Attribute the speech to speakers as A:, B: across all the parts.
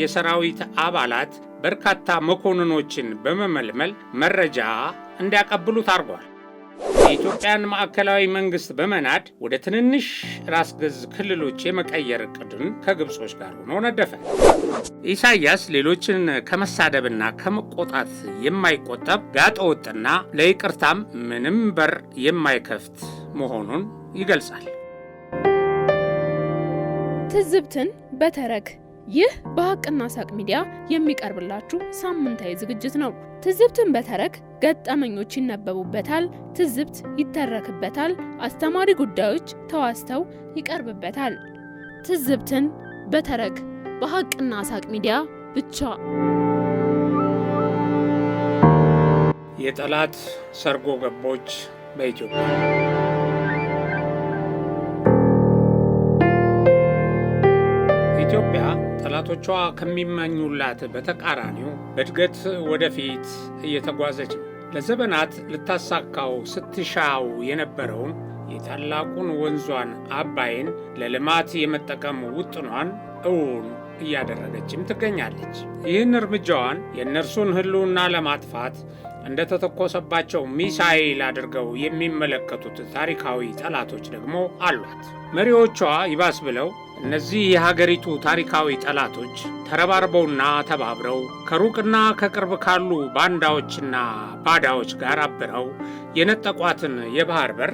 A: የሰራዊት አባላት በርካታ መኮንኖችን በመመልመል መረጃ እንዲያቀብሉት አድርጓል። የኢትዮጵያን ማዕከላዊ መንግስት በመናድ ወደ ትንንሽ ራስ ገዝ ክልሎች የመቀየር እቅድን ከግብጾች ጋር ሆኖ ነደፈ። ኢሳያስ ሌሎችን ከመሳደብና ከመቆጣት የማይቆጠብ ጋጠወጥና ለይቅርታም ምንም በር የማይከፍት መሆኑን ይገልጻል።
B: ትዝብትን በተረክ ይህ በሀቅና ሳቅ ሚዲያ የሚቀርብላችሁ ሳምንታዊ ዝግጅት ነው። ትዝብትን በተረክ ገጠመኞች ይነበቡበታል፣ ትዝብት ይተረክበታል፣ አስተማሪ ጉዳዮች ተዋስተው ይቀርብበታል። ትዝብትን በተረክ በሀቅና ሳቅ ሚዲያ ብቻ።
C: የጠላት ሰርጎ ገቦች በኢትዮጵያ ኢትዮጵያ ጠላቶቿ ከሚመኙላት በተቃራኒው በእድገት ወደፊት እየተጓዘች ነው። ለዘመናት ልታሳካው ስትሻው የነበረውን የታላቁን ወንዟን አባይን ለልማት የመጠቀም ውጥኗን እውን እያደረገችም ትገኛለች። ይህን እርምጃዋን የእነርሱን ሕልውና ለማጥፋት እንደተተኮሰባቸው ሚሳይል አድርገው የሚመለከቱት ታሪካዊ ጠላቶች ደግሞ አሏት። መሪዎቿ ይባስ ብለው እነዚህ የሀገሪቱ ታሪካዊ ጠላቶች ተረባርበውና ተባብረው ከሩቅና ከቅርብ ካሉ ባንዳዎችና ባዳዎች ጋር አብረው የነጠቋትን የባህር በር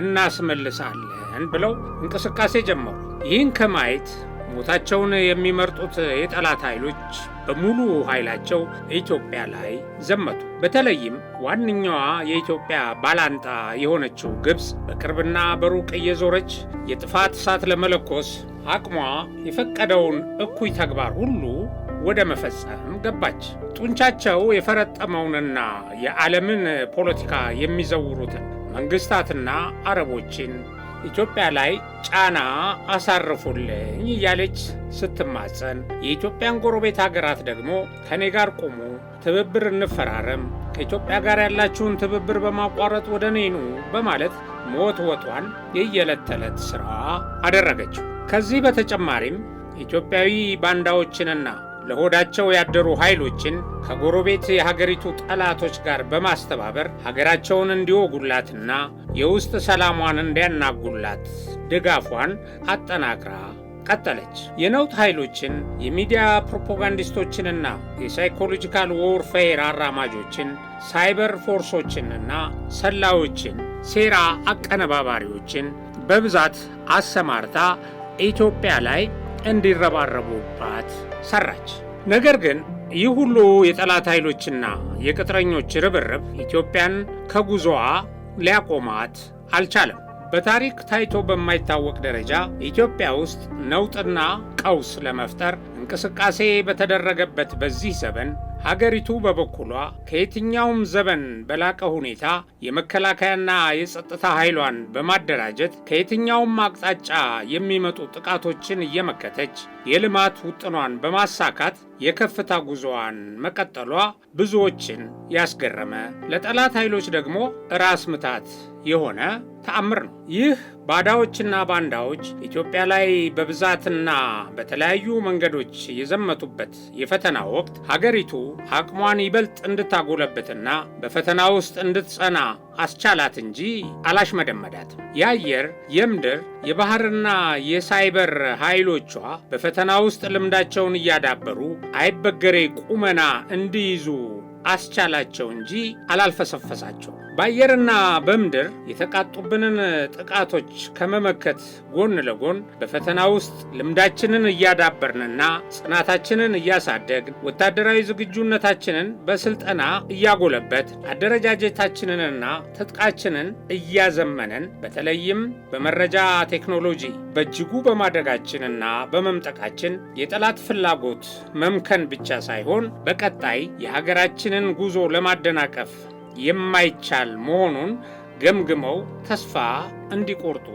C: እናስመልሳለን ብለው እንቅስቃሴ ጀመሩ። ይህን ከማየት ሞታቸውን የሚመርጡት የጠላት ኃይሎች በሙሉ ኃይላቸው ኢትዮጵያ ላይ ዘመቱ። በተለይም ዋነኛዋ የኢትዮጵያ ባላንጣ የሆነችው ግብፅ በቅርብና በሩቅ እየዞረች የጥፋት እሳት ለመለኮስ አቅሟ የፈቀደውን እኩይ ተግባር ሁሉ ወደ መፈጸም ገባች። ጡንቻቸው የፈረጠመውንና የዓለምን ፖለቲካ የሚዘውሩትን መንግስታትና አረቦችን ኢትዮጵያ ላይ ጫና አሳርፉልኝ እያለች ስትማጸን፣ የኢትዮጵያን ጎረቤት ሀገራት ደግሞ ከእኔ ጋር ቁሙ፣ ትብብር እንፈራረም፣ ከኢትዮጵያ ጋር ያላችሁን ትብብር በማቋረጥ ወደ እኔ ኑ በማለት መወትወቷን የየዕለት ተዕለት ሥራ አደረገችው። ከዚህ በተጨማሪም ኢትዮጵያዊ ባንዳዎችንና ለሆዳቸው ያደሩ ኃይሎችን ከጎረቤት የሀገሪቱ ጠላቶች ጋር በማስተባበር ሀገራቸውን እንዲወጉላትና የውስጥ ሰላሟን እንዲያናጉላት ድጋፏን አጠናክራ ቀጠለች። የነውጥ ኃይሎችን፣ የሚዲያ ፕሮፓጋንዲስቶችንና የሳይኮሎጂካል ዎርፌር አራማጆችን፣ ሳይበር ፎርሶችንና ሰላዮችን፣ ሴራ አቀነባባሪዎችን በብዛት አሰማርታ ኢትዮጵያ ላይ እንዲረባረቡባት ሰራች። ነገር ግን ይህ ሁሉ የጠላት ኃይሎችና የቅጥረኞች ርብርብ ኢትዮጵያን ከጉዞዋ ሊያቆማት አልቻለም። በታሪክ ታይቶ በማይታወቅ ደረጃ ኢትዮጵያ ውስጥ ነውጥና ቀውስ ለመፍጠር እንቅስቃሴ በተደረገበት በዚህ ዘመን ሀገሪቱ በበኩሏ ከየትኛውም ዘመን በላቀ ሁኔታ የመከላከያና የጸጥታ ኃይሏን በማደራጀት ከየትኛውም አቅጣጫ የሚመጡ ጥቃቶችን እየመከተች የልማት ውጥኗን በማሳካት የከፍታ ጉዞዋን መቀጠሏ ብዙዎችን ያስገረመ፣ ለጠላት ኃይሎች ደግሞ ራስ ምታት የሆነ ተአምር ነው። ይህ ባዳዎችና ባንዳዎች ኢትዮጵያ ላይ በብዛትና በተለያዩ መንገዶች የዘመቱበት የፈተና ወቅት ሀገሪቱ አቅሟን ይበልጥ እንድታጎለበትና በፈተና ውስጥ እንድትጸና አስቻላት እንጂ አላሽመደመዳት። የአየር፣ የምድር፣ የባህርና የሳይበር ኃይሎቿ በፈተና ውስጥ ልምዳቸውን እያዳበሩ አይበገሬ ቁመና እንዲይዙ አስቻላቸው እንጂ አላልፈሰፈሳቸው። በአየርና በምድር የተቃጡብንን ጥቃቶች ከመመከት ጎን ለጎን በፈተና ውስጥ ልምዳችንን እያዳበርንና ጽናታችንን እያሳደግን ወታደራዊ ዝግጁነታችንን በስልጠና እያጎለበት አደረጃጀታችንንና ትጥቃችንን እያዘመንን በተለይም በመረጃ ቴክኖሎጂ በእጅጉ በማደጋችንና በመምጠቃችን የጠላት ፍላጎት መምከን ብቻ ሳይሆን በቀጣይ የሀገራችንን ጉዞ ለማደናቀፍ የማይቻል መሆኑን ገምግመው ተስፋ እንዲቆርጡ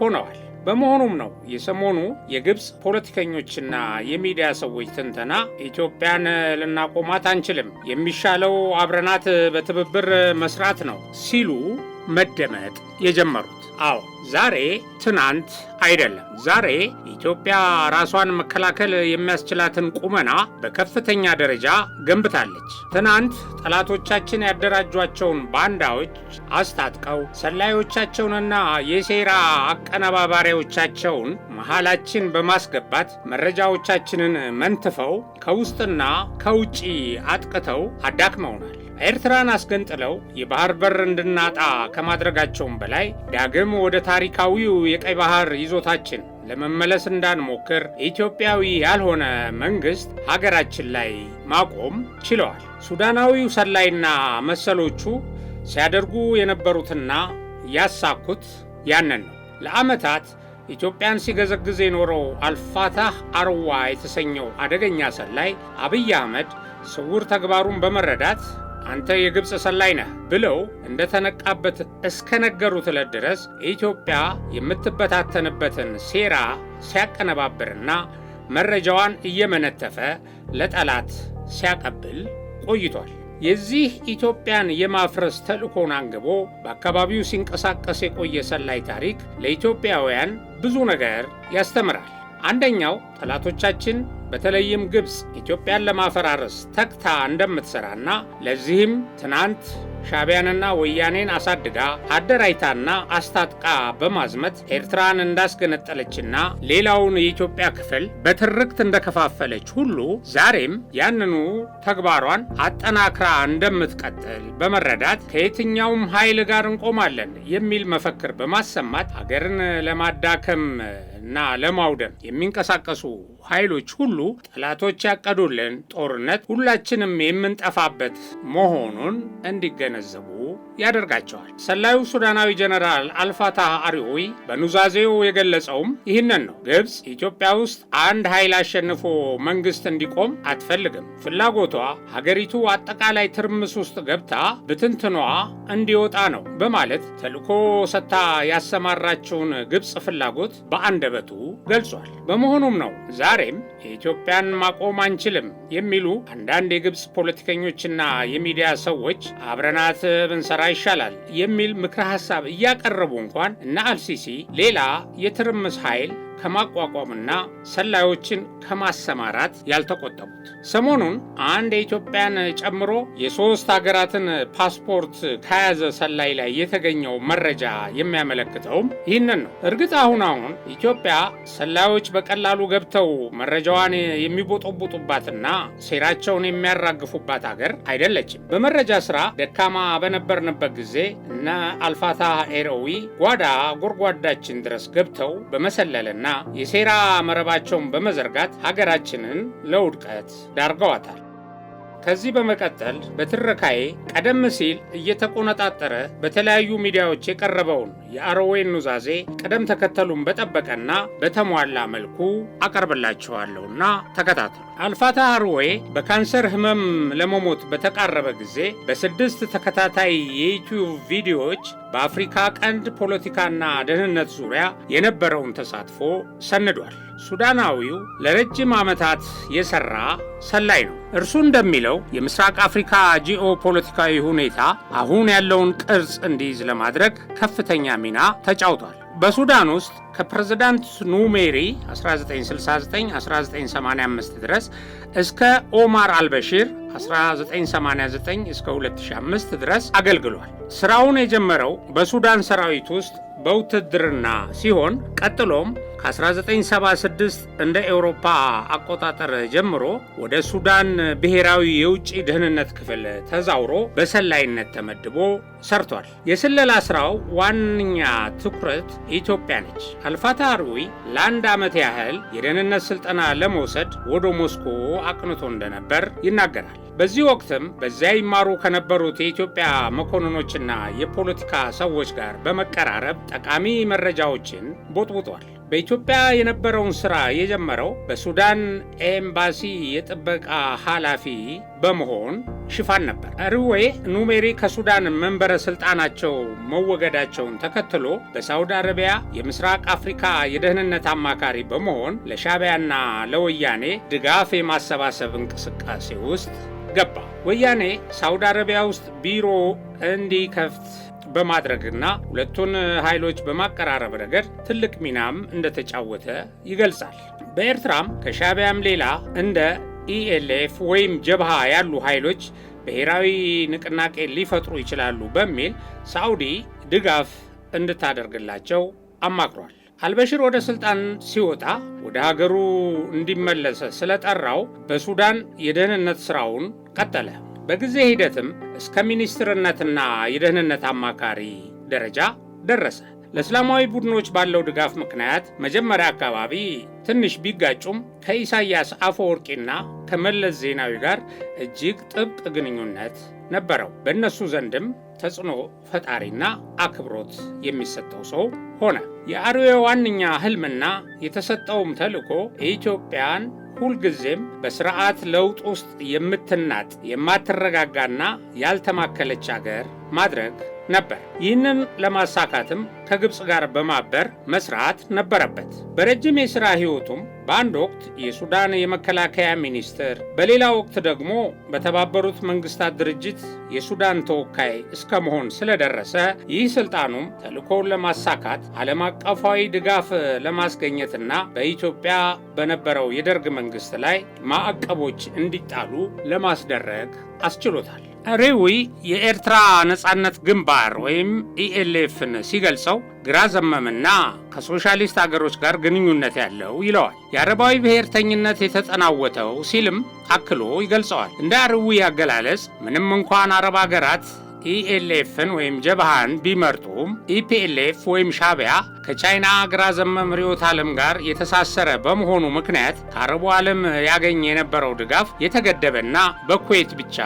C: ሆነዋል። በመሆኑም ነው የሰሞኑ የግብፅ ፖለቲከኞችና የሚዲያ ሰዎች ትንተና ኢትዮጵያን ልናቆማት አንችልም፣ የሚሻለው አብረናት በትብብር መስራት ነው ሲሉ መደመጥ የጀመሩት። አዎ ዛሬ ትናንት አይደለም። ዛሬ ኢትዮጵያ ራሷን መከላከል የሚያስችላትን ቁመና በከፍተኛ ደረጃ ገንብታለች። ትናንት ጠላቶቻችን ያደራጇቸውን ባንዳዎች አስታጥቀው ሰላዮቻቸውንና የሴራ አቀነባባሪዎቻቸውን መሃላችን በማስገባት መረጃዎቻችንን መንትፈው ከውስጥና ከውጪ አጥቅተው አዳክመውናል። ኤርትራን አስገንጥለው የባህር በር እንድናጣ ከማድረጋቸውም በላይ ዳግም ወደ ታሪካዊው የቀይ ባህር ይዞታችን ለመመለስ እንዳንሞክር ኢትዮጵያዊ ያልሆነ መንግስት ሀገራችን ላይ ማቆም ችለዋል። ሱዳናዊው ሰላይና መሰሎቹ ሲያደርጉ የነበሩትና ያሳኩት ያንን ነው። ለዓመታት ኢትዮጵያን ሲገዘግዝ የኖረው አልፋታህ አርዋ የተሰኘው አደገኛ ሰላይ አብይ አህመድ ስውር ተግባሩን በመረዳት አንተ የግብፅ ሰላይ ነህ ብለው እንደተነቃበት እስከነገሩት ዕለት ድረስ ኢትዮጵያ የምትበታተንበትን ሴራ ሲያቀነባብርና መረጃዋን እየመነተፈ ለጠላት ሲያቀብል ቆይቷል። የዚህ ኢትዮጵያን የማፍረስ ተልእኮን አንግቦ በአካባቢው ሲንቀሳቀስ የቆየ ሰላይ ታሪክ ለኢትዮጵያውያን ብዙ ነገር ያስተምራል። አንደኛው ጠላቶቻችን በተለይም ግብፅ ኢትዮጵያን ለማፈራረስ ተግታ እንደምትሰራና ለዚህም ትናንት ሻቢያንና ወያኔን አሳድጋ አደራጅታና አስታጥቃ በማዝመት ኤርትራን እንዳስገነጠለችና ሌላውን የኢትዮጵያ ክፍል በትርክት እንደከፋፈለች ሁሉ ዛሬም ያንኑ ተግባሯን አጠናክራ እንደምትቀጥል በመረዳት ከየትኛውም ኃይል ጋር እንቆማለን የሚል መፈክር በማሰማት አገርን ለማዳከም እና ለማውደም የሚንቀሳቀሱ ኃይሎች ሁሉ ጠላቶች ያቀዱልን ጦርነት ሁላችንም የምንጠፋበት መሆኑን እንዲገነዘቡ ያደርጋቸዋል። ሰላዩ ሱዳናዊ ጀነራል አልፋታህ አሪዊ በኑዛዜው የገለጸውም ይህንን ነው። ግብፅ ኢትዮጵያ ውስጥ አንድ ኃይል አሸንፎ መንግስት እንዲቆም አትፈልግም። ፍላጎቷ ሀገሪቱ አጠቃላይ ትርምስ ውስጥ ገብታ ብትንትኗ እንዲወጣ ነው በማለት ተልዕኮ ሰጥታ ያሰማራችውን ግብፅ ፍላጎት በአንድ ። በአንደበቱ ገልጿል። በመሆኑም ነው ዛሬም የኢትዮጵያን ማቆም አንችልም የሚሉ አንዳንድ የግብፅ ፖለቲከኞችና የሚዲያ ሰዎች አብረናት ብንሰራ ይሻላል የሚል ምክረ ሀሳብ እያቀረቡ እንኳን እነ አልሲሲ ሌላ የትርምስ ኃይል ከማቋቋምና ሰላዮችን ከማሰማራት ያልተቆጠቡት። ሰሞኑን አንድ የኢትዮጵያን ጨምሮ የሶስት ሀገራትን ፓስፖርት ከያዘ ሰላይ ላይ የተገኘው መረጃ የሚያመለክተውም ይህንን ነው። እርግጥ አሁን አሁን ኢትዮጵያ ሰላዮች በቀላሉ ገብተው መረጃዋን የሚቦጠቡጡባትና ሴራቸውን የሚያራግፉባት ሀገር አይደለችም። በመረጃ ስራ ደካማ በነበርንበት ጊዜ እነ አልፋታ ኤሮዊ ጓዳ ጎርጓዳችን ድረስ ገብተው በመሰለልና የሴራ መረባቸውን በመዘርጋት ሀገራችንን ለውድቀት ዳርገዋታል። ከዚህ በመቀጠል በትረካዬ ቀደም ሲል እየተቆነጣጠረ በተለያዩ ሚዲያዎች የቀረበውን የአሮዌን ኑዛዜ ቀደም ተከተሉን በጠበቀና በተሟላ መልኩ አቀርብላችኋለሁና ተከታተሉ። አልፋታ አሮዌ በካንሰር ህመም ለመሞት በተቃረበ ጊዜ በስድስት ተከታታይ የዩቲዩብ ቪዲዮዎች በአፍሪካ ቀንድ ፖለቲካና ደህንነት ዙሪያ የነበረውን ተሳትፎ ሰንዷል። ሱዳናዊው ለረጅም ዓመታት የሠራ ሰላይ ነው። እርሱ እንደሚለው የምስራቅ አፍሪካ ጂኦ ፖለቲካዊ ሁኔታ አሁን ያለውን ቅርጽ እንዲይዝ ለማድረግ ከፍተኛ ሚና ተጫውቷል። በሱዳን ውስጥ ከፕሬዝዳንት ኑሜሪ 1969-1985 ድረስ እስከ ኦማር አልበሺር 1989 2005 ድረስ አገልግሏል። ሥራውን የጀመረው በሱዳን ሰራዊት ውስጥ በውትድርና ሲሆን ቀጥሎም ከ1976 እንደ ኤውሮፓ አቆጣጠር ጀምሮ ወደ ሱዳን ብሔራዊ የውጭ ደህንነት ክፍል ተዛውሮ በሰላይነት ተመድቦ ሰርቷል። የስለላ ስራው ዋነኛ ትኩረት ኢትዮጵያ ነች። አልፋታ ለአንድ ዓመት ያህል የደህንነት ስልጠና ለመውሰድ ወደ ሞስኮ አቅንቶ እንደነበር ይናገራል። በዚህ ወቅትም በዚያ ይማሩ ከነበሩት የኢትዮጵያ መኮንኖችና የፖለቲካ ሰዎች ጋር በመቀራረብ ጠቃሚ መረጃዎችን ቦጥቡጧል። በኢትዮጵያ የነበረውን ሥራ የጀመረው በሱዳን ኤምባሲ የጥበቃ ኃላፊ በመሆን ሽፋን ነበር። ሩዌ ኑሜሪ ከሱዳን መንበረ ሥልጣናቸው መወገዳቸውን ተከትሎ በሳውዲ አረቢያ የምስራቅ አፍሪካ የደህንነት አማካሪ በመሆን ለሻቢያና ለወያኔ ድጋፍ የማሰባሰብ እንቅስቃሴ ውስጥ ገባ። ወያኔ ሳውዲ አረቢያ ውስጥ ቢሮ እንዲከፍት በማድረግና ሁለቱን ኃይሎች በማቀራረብ ረገድ ትልቅ ሚናም እንደተጫወተ ይገልጻል። በኤርትራም ከሻቢያም ሌላ እንደ ኢኤልኤፍ ወይም ጀብሃ ያሉ ኃይሎች ብሔራዊ ንቅናቄ ሊፈጥሩ ይችላሉ በሚል ሳውዲ ድጋፍ እንድታደርግላቸው አማክሯል። አልበሽር ወደ ሥልጣን ሲወጣ ወደ ሀገሩ እንዲመለሰ ስለጠራው በሱዳን የደህንነት ሥራውን ቀጠለ። በጊዜ ሂደትም እስከ ሚኒስትርነትና የደህንነት አማካሪ ደረጃ ደረሰ። ለእስላማዊ ቡድኖች ባለው ድጋፍ ምክንያት መጀመሪያ አካባቢ ትንሽ ቢጋጩም ከኢሳያስ አፈወርቂና ከመለስ ዜናዊ ጋር እጅግ ጥብቅ ግንኙነት ነበረው። በእነሱ ዘንድም ተጽዕኖ ፈጣሪና አክብሮት የሚሰጠው ሰው ሆነ። የአርዌ ዋነኛ ህልምና የተሰጠውም ተልዕኮ የኢትዮጵያን ሁልጊዜም በስርዓት ለውጥ ውስጥ የምትናጥ የማትረጋጋና ያልተማከለች አገር ማድረግ ነበር። ይህንን ለማሳካትም ከግብፅ ጋር በማበር መስራት ነበረበት። በረጅም የሥራ ሕይወቱም በአንድ ወቅት የሱዳን የመከላከያ ሚኒስትር፣ በሌላ ወቅት ደግሞ በተባበሩት መንግስታት ድርጅት የሱዳን ተወካይ እስከ መሆን ስለደረሰ ይህ ስልጣኑም ተልእኮውን ለማሳካት ዓለም አቀፋዊ ድጋፍ ለማስገኘትና በኢትዮጵያ በነበረው የደርግ መንግስት ላይ ማዕቀቦች እንዲጣሉ ለማስደረግ አስችሎታል። ሪዊ የኤርትራ ነጻነት ግንባር ወይም ኢኤልኤፍን ሲገልጸው ግራ ዘመምና ከሶሻሊስት አገሮች ጋር ግንኙነት ያለው ይለዋል። የአረባዊ ብሔርተኝነት የተጠናወተው ሲልም አክሎ ይገልጸዋል። እንደ ሪዊ አገላለጽ ምንም እንኳን አረብ አገራት ኢኤልኤፍን ወይም ጀብሃን ቢመርጡም ኢፒኤልኤፍ ወይም ሻቢያ ከቻይና አግራ ዘመም ርዕዮተ ዓለም ጋር የተሳሰረ በመሆኑ ምክንያት ከአረቡ ዓለም ያገኝ የነበረው ድጋፍ የተገደበና በኩዌት ብቻ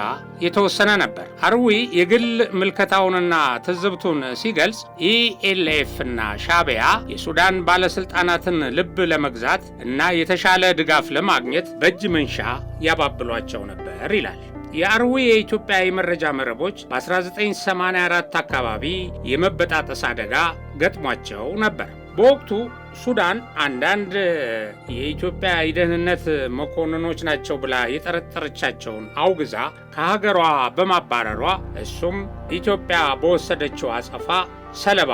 C: የተወሰነ ነበር። አርዊ የግል ምልከታውንና ትዝብቱን ሲገልጽ ኢኤልኤፍና ሻቢያ የሱዳን ባለሥልጣናትን ልብ ለመግዛት እና የተሻለ ድጋፍ ለማግኘት በእጅ መንሻ ያባብሏቸው ነበር ይላል። የአርዊ የኢትዮጵያ የመረጃ መረቦች በ1984 አካባቢ የመበጣጠስ አደጋ ገጥሟቸው ነበር። በወቅቱ ሱዳን አንዳንድ የኢትዮጵያ የደህንነት መኮንኖች ናቸው ብላ የጠረጠረቻቸውን አውግዛ ከሀገሯ በማባረሯ እሱም ኢትዮጵያ በወሰደችው አጸፋ ሰለባ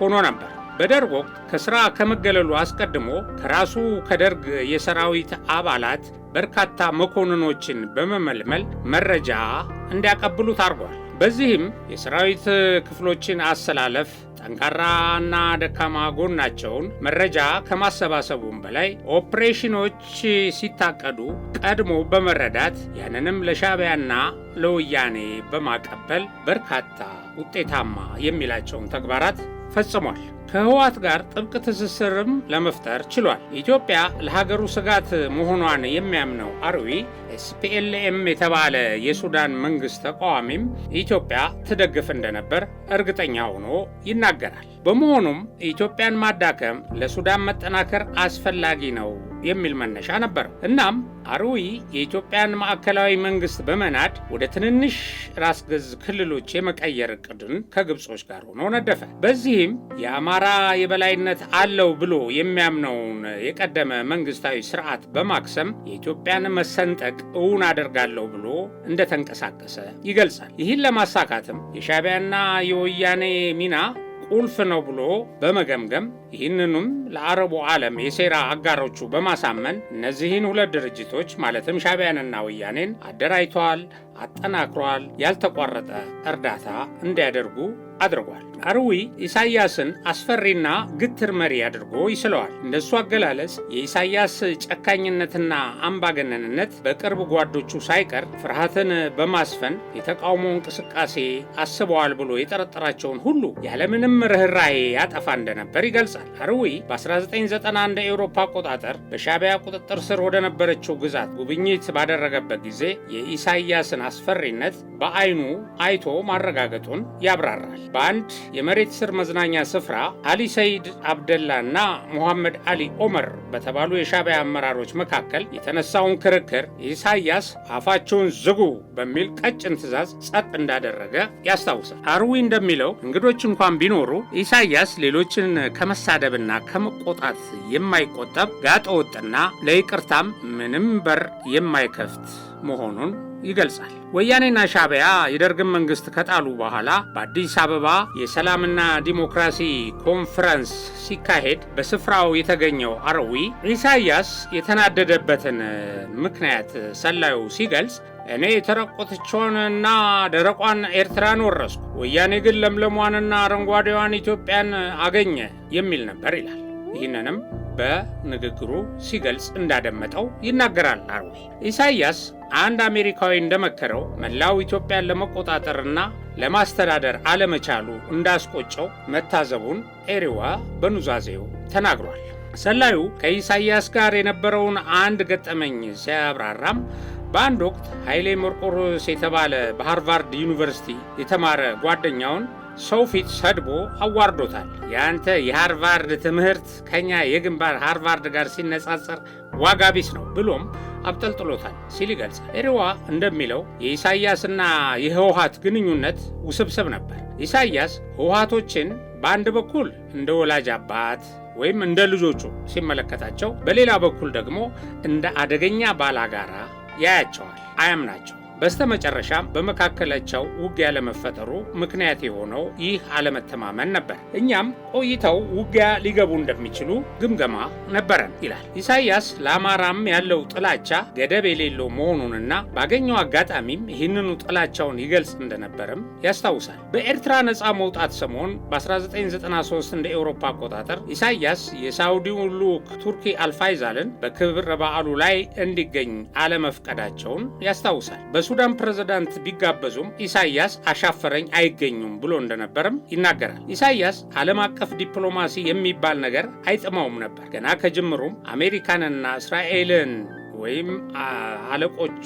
C: ሆኖ ነበር። በደርግ ወቅት ከሥራ ከመገለሉ አስቀድሞ ከራሱ ከደርግ የሰራዊት አባላት በርካታ መኮንኖችን በመመልመል መረጃ እንዲያቀብሉት አድርጓል። በዚህም የሰራዊት ክፍሎችን አሰላለፍ፣ ጠንካራና ደካማ ጎናቸውን መረጃ ከማሰባሰቡም በላይ ኦፕሬሽኖች ሲታቀዱ ቀድሞ በመረዳት ያንንም ለሻቢያና ለወያኔ በማቀበል በርካታ ውጤታማ የሚላቸውን ተግባራት ፈጽሟል። ከህወሓት ጋር ጥብቅ ትስስርም ለመፍጠር ችሏል። ኢትዮጵያ ለሀገሩ ስጋት መሆኗን የሚያምነው አርዊ ኤስፒኤልኤም የተባለ የሱዳን መንግስት ተቃዋሚም ኢትዮጵያ ትደግፍ እንደነበር እርግጠኛ ሆኖ ይናገራል። በመሆኑም ኢትዮጵያን ማዳከም ለሱዳን መጠናከር አስፈላጊ ነው የሚል መነሻ ነበረው። እናም አርዊ የኢትዮጵያን ማዕከላዊ መንግስት በመናድ ወደ ትንንሽ ራስ ገዝ ክልሎች የመቀየር እቅድን ከግብጾች ጋር ሆኖ ነደፈ። በዚህም የአማራ የበላይነት አለው ብሎ የሚያምነውን የቀደመ መንግስታዊ ስርዓት በማክሰም የኢትዮጵያን መሰንጠቅ እውን አደርጋለሁ ብሎ እንደተንቀሳቀሰ ይገልጻል። ይህን ለማሳካትም የሻቢያና የወያኔ ሚና ቁልፍ ነው ብሎ በመገምገም ይህንንም ለአረቡ ዓለም የሴራ አጋሮቹ በማሳመን እነዚህን ሁለት ድርጅቶች ማለትም ሻቢያንና ወያኔን አደራጅተዋል። አጠናክሯል። ያልተቋረጠ እርዳታ እንዲያደርጉ አድርጓል። አርዊ ኢሳያስን አስፈሪና ግትር መሪ አድርጎ ይስለዋል። እንደሱ አገላለጽ የኢሳያስ ጨካኝነትና አምባገነንነት በቅርብ ጓዶቹ ሳይቀር ፍርሃትን በማስፈን የተቃውሞ እንቅስቃሴ አስበዋል ብሎ የጠረጠራቸውን ሁሉ ያለምንም ርኅራሄ ያጠፋ እንደነበር ይገልጻል። አርዊ በ1991 እንደ ኤውሮፓ አቆጣጠር በሻቢያ ቁጥጥር ስር ወደ ነበረችው ግዛት ጉብኝት ባደረገበት ጊዜ የኢሳያስን አስፈሪነት በአይኑ አይቶ ማረጋገጡን ያብራራል። በአንድ የመሬት ስር መዝናኛ ስፍራ አሊ ሰይድ አብደላ እና ሙሐመድ አሊ ኦመር በተባሉ የሻቢያ አመራሮች መካከል የተነሳውን ክርክር ኢሳያስ አፋቸውን ዝጉ በሚል ቀጭን ትዕዛዝ ጸጥ እንዳደረገ ያስታውሳል። አርዊ እንደሚለው እንግዶች እንኳን ቢኖሩ ኢሳያስ ሌሎችን ከመሳደብና ከመቆጣት የማይቆጠብ ጋጠወጥና ለይቅርታም ምንም በር የማይከፍት መሆኑን ይገልጻል። ወያኔና ሻቢያ የደርግን መንግስት ከጣሉ በኋላ በአዲስ አበባ የሰላምና ዲሞክራሲ ኮንፈረንስ ሲካሄድ በስፍራው የተገኘው አረዊ ኢሳያስ የተናደደበትን ምክንያት ሰላዩ ሲገልጽ እኔ የተረቆትቸውንና ደረቋን ኤርትራን ወረስኩ፣ ወያኔ ግን ለምለሟንና አረንጓዴዋን ኢትዮጵያን አገኘ የሚል ነበር ይላል። ይህንንም በንግግሩ ሲገልጽ እንዳደመጠው ይናገራል። አርዊ ኢሳያስ አንድ አሜሪካዊ እንደመከረው መላው ኢትዮጵያን ለመቆጣጠርና ለማስተዳደር አለመቻሉ እንዳስቆጨው መታዘቡን ኤሪዋ በኑዛዜው ተናግሯል። ሰላዩ ከኢሳይያስ ጋር የነበረውን አንድ ገጠመኝ ሲያብራራም በአንድ ወቅት ኃይሌ መርቆሮስ የተባለ በሃርቫርድ ዩኒቨርሲቲ የተማረ ጓደኛውን ሰው ፊት ሰድቦ አዋርዶታል። የአንተ የሃርቫርድ ትምህርት ከኛ የግንባር ሃርቫርድ ጋር ሲነጻጸር ዋጋ ቢስ ነው ብሎም አብጠልጥሎታል ሲል ይገልጻል። ኤሪዋ እንደሚለው የኢሳያስና የህወሀት ግንኙነት ውስብስብ ነበር። ኢሳያስ ህወሀቶችን በአንድ በኩል እንደ ወላጅ አባት ወይም እንደ ልጆቹ ሲመለከታቸው፣ በሌላ በኩል ደግሞ እንደ አደገኛ ባላጋራ ያያቸዋል፣ አያምናቸው በስተመጨረሻ በመካከላቸው ውጊያ ለመፈጠሩ ምክንያት የሆነው ይህ አለመተማመን ነበር። እኛም ቆይተው ውጊያ ሊገቡ እንደሚችሉ ግምገማ ነበረን ይላል ኢሳይያስ። ለአማራም ያለው ጥላቻ ገደብ የሌለው መሆኑንና ባገኘው አጋጣሚም ይህንኑ ጥላቻውን ይገልጽ እንደነበርም ያስታውሳል። በኤርትራ ነፃ መውጣት ሰሞን በ1993 እንደ ኤውሮፓ አቆጣጠር ኢሳይያስ የሳውዲውን ልዑክ ቱርኪ አልፋይዛልን በክብረ በዓሉ ላይ እንዲገኝ አለመፍቀዳቸውን ያስታውሳል። የሱዳን ፕሬዝዳንት ቢጋበዙም ኢሳያስ አሻፈረኝ አይገኙም ብሎ እንደነበርም ይናገራል። ኢሳያስ ዓለም አቀፍ ዲፕሎማሲ የሚባል ነገር አይጥመውም ነበር። ገና ከጅምሩም አሜሪካንና እስራኤልን ወይም አለቆች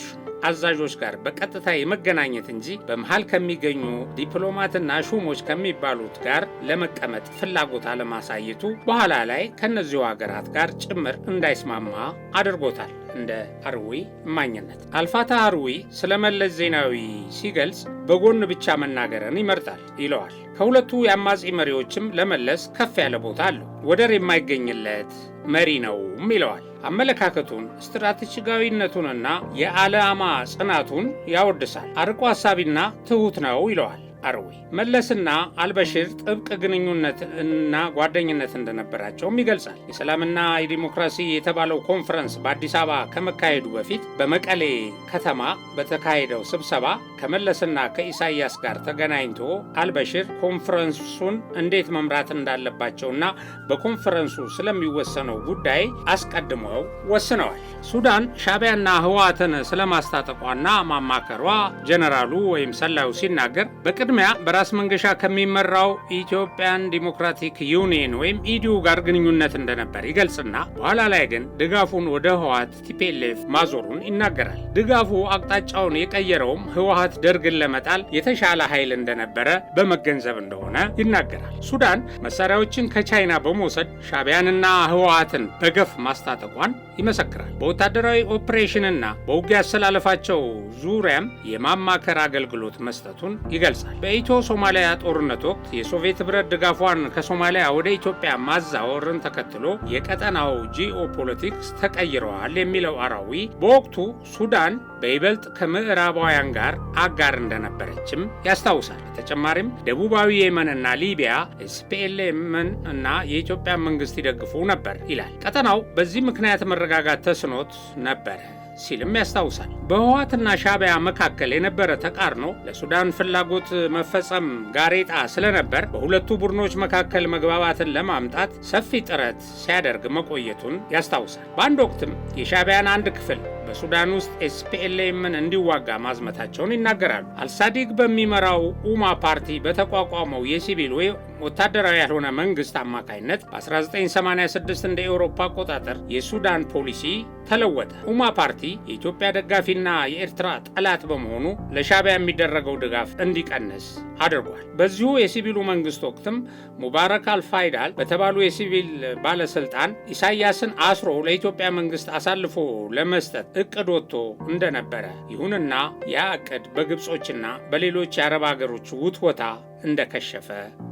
C: አዛዦች ጋር በቀጥታ የመገናኘት እንጂ በመሃል ከሚገኙ ዲፕሎማትና ሹሞች ከሚባሉት ጋር ለመቀመጥ ፍላጎት አለማሳየቱ በኋላ ላይ ከእነዚሁ ሀገራት ጋር ጭምር እንዳይስማማ አድርጎታል። እንደ አርዊ እማኝነት አልፋታ አርዊ ስለ መለስ ዜናዊ ሲገልጽ በጎን ብቻ መናገርን ይመርጣል ይለዋል። ከሁለቱ የአማጺ መሪዎችም ለመለስ ከፍ ያለ ቦታ አለው፣ ወደር የማይገኝለት መሪ ነውም ይለዋል። አመለካከቱን ስትራቴጂካዊነቱንና የዓላማ ጽናቱን ያወድሳል። አርቆ ሐሳቢና ትሑት ነው ይለዋል። አርዌ መለስና አልበሽር ጥብቅ ግንኙነት እና ጓደኝነት እንደነበራቸውም ይገልጻል። የሰላምና የዲሞክራሲ የተባለው ኮንፈረንስ በአዲስ አበባ ከመካሄዱ በፊት በመቀሌ ከተማ በተካሄደው ስብሰባ ከመለስና ከኢሳያስ ጋር ተገናኝቶ አልበሽር ኮንፈረንሱን እንዴት መምራት እንዳለባቸውና በኮንፈረንሱ ስለሚወሰነው ጉዳይ አስቀድመው ወስነዋል። ሱዳን ሻቢያና ህወሓትን ስለማስታጠቋና ማማከሯ ጀነራሉ ወይም ሰላዩ ሲናገር በቅድ በቅድሚያ በራስ መንገሻ ከሚመራው ኢትዮጵያን ዲሞክራቲክ ዩኒየን ወይም ኢዲዩ ጋር ግንኙነት እንደነበር ይገልጽና በኋላ ላይ ግን ድጋፉን ወደ ህወሀት ቲፔሌፍ ማዞሩን ይናገራል። ድጋፉ አቅጣጫውን የቀየረውም ህወሀት ደርግን ለመጣል የተሻለ ኃይል እንደነበረ በመገንዘብ እንደሆነ ይናገራል። ሱዳን መሳሪያዎችን ከቻይና በመውሰድ ሻቢያንና ህወሀትን በገፍ ማስታጠቋን ይመሰክራል። በወታደራዊ ኦፕሬሽንና በውጊያ አሰላለፋቸው ዙሪያም የማማከር አገልግሎት መስጠቱን ይገልጻል። በኢትዮ ሶማሊያ ጦርነት ወቅት የሶቪየት ኅብረት ድጋፏን ከሶማሊያ ወደ ኢትዮጵያ ማዛወርን ተከትሎ የቀጠናው ጂኦፖለቲክስ ተቀይረዋል የሚለው አራዊ በወቅቱ ሱዳን በይበልጥ ከምዕራባውያን ጋር አጋር እንደነበረችም ያስታውሳል። በተጨማሪም ደቡባዊ የመንና ሊቢያ ኤስፒኤልኤምን እና የኢትዮጵያ መንግስት ይደግፉ ነበር ይላል። ቀጠናው በዚህ ምክንያት መረጋጋት ተስኖት ነበር። ሲልም ያስታውሳል። በህወሓትና ሻዕቢያ መካከል የነበረ ተቃርኖ ለሱዳን ፍላጎት መፈጸም ጋሬጣ ስለነበር በሁለቱ ቡድኖች መካከል መግባባትን ለማምጣት ሰፊ ጥረት ሲያደርግ መቆየቱን ያስታውሳል። በአንድ ወቅትም የሻዕቢያን አንድ ክፍል በሱዳን ውስጥ ኤስፒኤልኤምን እንዲዋጋ ማዝመታቸውን ይናገራሉ። አልሳዲቅ በሚመራው ኡማ ፓርቲ በተቋቋመው የሲቪል ወይ ወታደራዊ ያልሆነ መንግስት አማካይነት በ1986 እንደ ኤውሮፓ አቆጣጠር የሱዳን ፖሊሲ ተለወጠ። ኡማ ፓርቲ የኢትዮጵያ ደጋፊና የኤርትራ ጠላት በመሆኑ ለሻቢያ የሚደረገው ድጋፍ እንዲቀንስ አድርጓል። በዚሁ የሲቪሉ መንግስት ወቅትም ሙባረክ አልፋይዳል በተባሉ የሲቪል ባለስልጣን ኢሳያስን አስሮ ለኢትዮጵያ መንግስት አሳልፎ ለመስጠት እቅድ ወጥቶ እንደነበረ። ይሁንና ያ እቅድ በግብጾችና በሌሎች የአረብ ሀገሮች ውትወታ እንደከሸፈ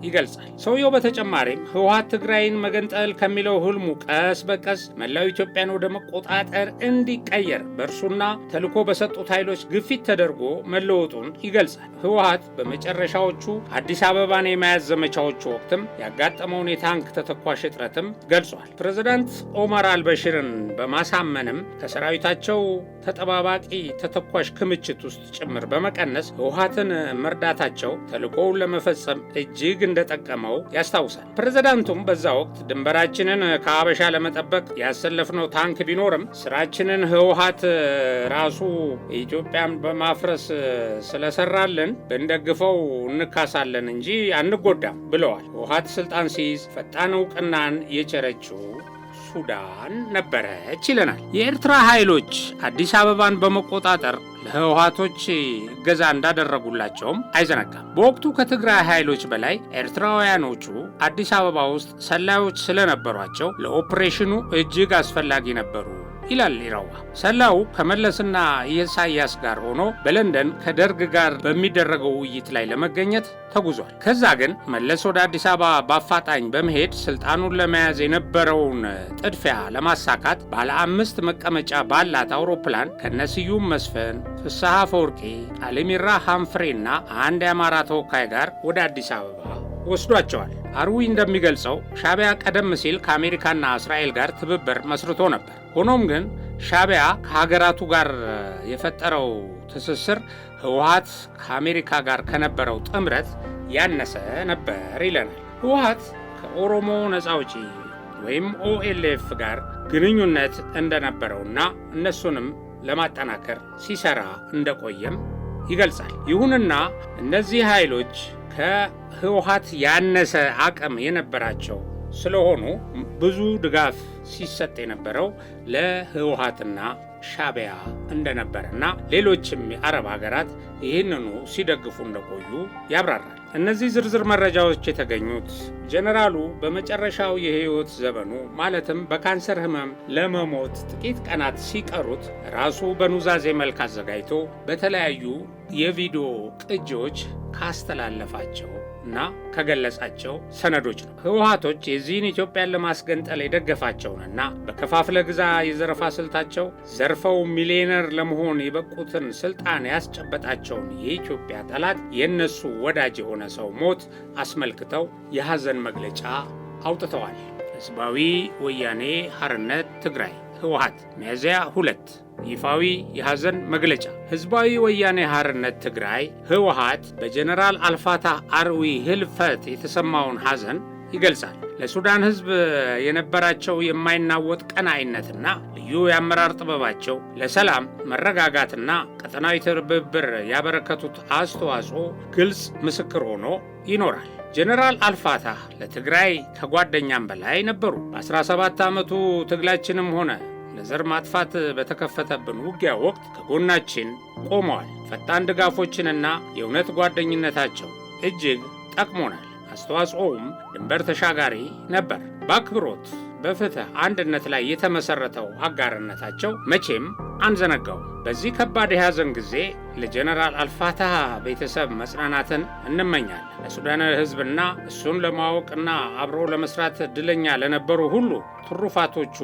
C: ይገልጻል። ሰውየው በተጨማሪም ህወሀት ትግራይን መገንጠል ከሚለው ህልሙ ቀስ በቀስ መላው ኢትዮጵያን ወደ መቆጣጠር እንዲቀየር በእርሱና ተልኮ በሰጡት ኃይሎች ግፊት ተደርጎ መለወጡን ይገልጻል። ህወሀት በመጨረሻዎቹ አዲስ አበባን የመያዝ ዘመቻዎቹ ወቅትም ያጋጠመውን የታንክ ተተኳሽ እጥረትም ገልጿል። ፕሬዚዳንት ኦማር አልበሽርን በማሳመንም ከሰራዊታቸው ተጠባባቂ ተተኳሽ ክምችት ውስጥ ጭምር በመቀነስ ህወሀትን መርዳታቸው ተልኮውን ለመ ለመፈጸም እጅግ እንደጠቀመው ያስታውሳል። ፕሬዝዳንቱም በዛ ወቅት ድንበራችንን ከአበሻ ለመጠበቅ ያሰለፍነው ታንክ ቢኖርም ስራችንን ህወሀት ራሱ ኢትዮጵያን በማፍረስ ስለሰራልን ብንደግፈው እንካሳለን እንጂ አንጎዳም ብለዋል። ህወሀት ስልጣን ሲይዝ ፈጣን እውቅናን የቸረችው ሱዳን ነበረች ይለናል። የኤርትራ ኃይሎች አዲስ አበባን በመቆጣጠር ለህወሀቶች እገዛ እንዳደረጉላቸውም አይዘነጋም። በወቅቱ ከትግራይ ኃይሎች በላይ ኤርትራውያኖቹ አዲስ አበባ ውስጥ ሰላዮች ስለነበሯቸው ለኦፕሬሽኑ እጅግ አስፈላጊ ነበሩ ይላል ሌላው። ሰላው ከመለስና ኢሳያስ ጋር ሆኖ በለንደን ከደርግ ጋር በሚደረገው ውይይት ላይ ለመገኘት ተጉዟል። ከዛ ግን መለስ ወደ አዲስ አበባ በአፋጣኝ በመሄድ ስልጣኑን ለመያዝ የነበረውን ጥድፊያ ለማሳካት ባለ አምስት መቀመጫ ባላት አውሮፕላን ከነስዩም መስፍን፣ ፍስሐ ፈወርቂ፣ አለሚራ ሐንፍሬና አንድ የአማራ ተወካይ ጋር ወደ አዲስ አበባ ወስዷቸዋል። አርዊ እንደሚገልጸው ሻቢያ ቀደም ሲል ከአሜሪካና እስራኤል ጋር ትብብር መስርቶ ነበር። ሆኖም ግን ሻቢያ ከሀገራቱ ጋር የፈጠረው ትስስር ህወሀት ከአሜሪካ ጋር ከነበረው ጥምረት ያነሰ ነበር ይለናል። ህወሀት ከኦሮሞ ነፃ አውጪ ወይም ኦኤልኤፍ ጋር ግንኙነት እንደነበረውና እነሱንም ለማጠናከር ሲሰራ እንደቆየም ይገልጻል። ይሁንና እነዚህ ኃይሎች ከህወሀት ያነሰ አቅም የነበራቸው ስለሆኑ ብዙ ድጋፍ ሲሰጥ የነበረው ለህወሀትና ሻቢያ እንደነበረና ሌሎችም የአረብ ሀገራት ይህንኑ ሲደግፉ እንደቆዩ ያብራራል። እነዚህ ዝርዝር መረጃዎች የተገኙት ጀኔራሉ በመጨረሻው የህይወት ዘመኑ ማለትም በካንሰር ህመም ለመሞት ጥቂት ቀናት ሲቀሩት ራሱ በኑዛዜ መልክ አዘጋጅቶ በተለያዩ የቪዲዮ ቅጂዎች ካስተላለፋቸው እና ከገለጻቸው ሰነዶች ነው። ህወሀቶች የዚህን ኢትዮጵያን ለማስገንጠል የደገፋቸውንና በከፋፍለ ግዛ የዘረፋ ስልታቸው ዘርፈው ሚሊዮነር ለመሆን የበቁትን ስልጣን ያስጨበጣቸውን የኢትዮጵያ ጠላት የእነሱ ወዳጅ የሆነ ሰው ሞት አስመልክተው የሐዘን መግለጫ አውጥተዋል። ህዝባዊ ወያኔ ሐርነት ትግራይ ህወሓት ሚያዝያ ሁለት ይፋዊ የሐዘን መግለጫ ህዝባዊ ወያኔ ሐርነት ትግራይ ህወሓት በጀነራል አልፋታህ አርዊ ህልፈት የተሰማውን ሐዘን ይገልጻል። ለሱዳን ህዝብ የነበራቸው የማይናወጥ ቀናይነትና ልዩ የአመራር ጥበባቸው ለሰላም መረጋጋትና ቀጠናዊ ትብብር ያበረከቱት አስተዋጽኦ ግልጽ ምስክር ሆኖ ይኖራል። ጀነራል አልፋታህ ለትግራይ ከጓደኛም በላይ ነበሩ። በ17 ዓመቱ ትግላችንም ሆነ ለዘር ማጥፋት በተከፈተብን ውጊያ ወቅት ከጎናችን ቆመዋል። ፈጣን ድጋፎችንና የእውነት ጓደኝነታቸው እጅግ ጠቅሞናል። አስተዋጽኦውም ድንበር ተሻጋሪ ነበር። በአክብሮት በፍትህ አንድነት ላይ የተመሰረተው አጋርነታቸው መቼም አንዘነጋው። በዚህ ከባድ የሐዘን ጊዜ ለጀነራል አልፋታህ ቤተሰብ መጽናናትን እንመኛለን። ለሱዳን ሕዝብና እሱን ለማወቅና አብሮ ለመስራት እድለኛ ለነበሩ ሁሉ ትሩፋቶቹ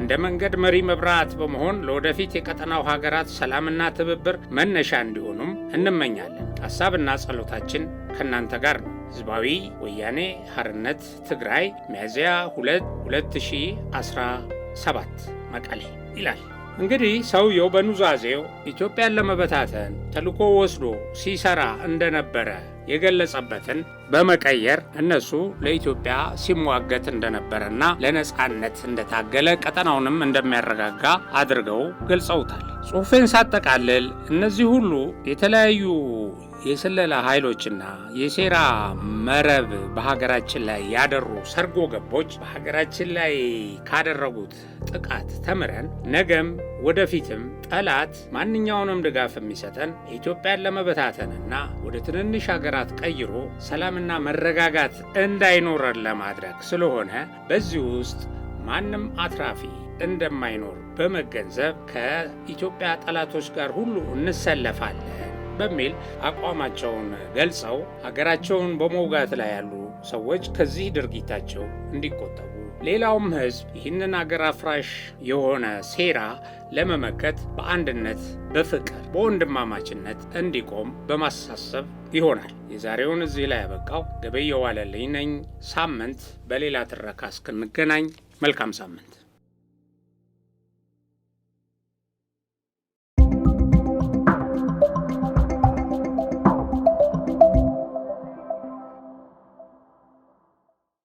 C: እንደ መንገድ መሪ መብራት በመሆን ለወደፊት የቀጠናው ሀገራት ሰላምና ትብብር መነሻ እንዲሆኑም እንመኛለን። ሐሳብና ጸሎታችን ከእናንተ ጋር ነው። ህዝባዊ ወያኔ ሐርነት ትግራይ ሚያዝያ 2 2017 መቀሌ ይላል። እንግዲህ ሰውየው በኑዛዜው ኢትዮጵያን ለመበታተን ተልኮ ወስዶ ሲሰራ እንደነበረ የገለጸበትን በመቀየር እነሱ ለኢትዮጵያ ሲሟገት እንደነበረና ለነጻነት እንደታገለ ቀጠናውንም እንደሚያረጋጋ አድርገው ገልጸውታል። ጽሑፌን ሳጠቃልል እነዚህ ሁሉ የተለያዩ የስለላ ኃይሎችና የሴራ መረብ በሀገራችን ላይ ያደሩ ሰርጎ ገቦች በሀገራችን ላይ ካደረጉት ጥቃት ተምረን ነገም ወደፊትም ጠላት ማንኛውንም ድጋፍ የሚሰጠን ኢትዮጵያን ለመበታተንና ወደ ትንንሽ ሀገራት ቀይሮ ሰላምና መረጋጋት እንዳይኖረን ለማድረግ ስለሆነ በዚህ ውስጥ ማንም አትራፊ እንደማይኖር በመገንዘብ ከኢትዮጵያ ጠላቶች ጋር ሁሉ እንሰለፋለን በሚል አቋማቸውን ገልጸው ሀገራቸውን በመውጋት ላይ ያሉ ሰዎች ከዚህ ድርጊታቸው እንዲቆጠቡ፣ ሌላውም ህዝብ ይህንን አገር አፍራሽ የሆነ ሴራ ለመመከት በአንድነት በፍቅር በወንድማማችነት እንዲቆም በማሳሰብ ይሆናል። የዛሬውን እዚህ ላይ ያበቃው። ገበየሁ ዋለልኝ ነኝ። ሳምንት በሌላ ትረካ እስክንገናኝ መልካም ሳምንት።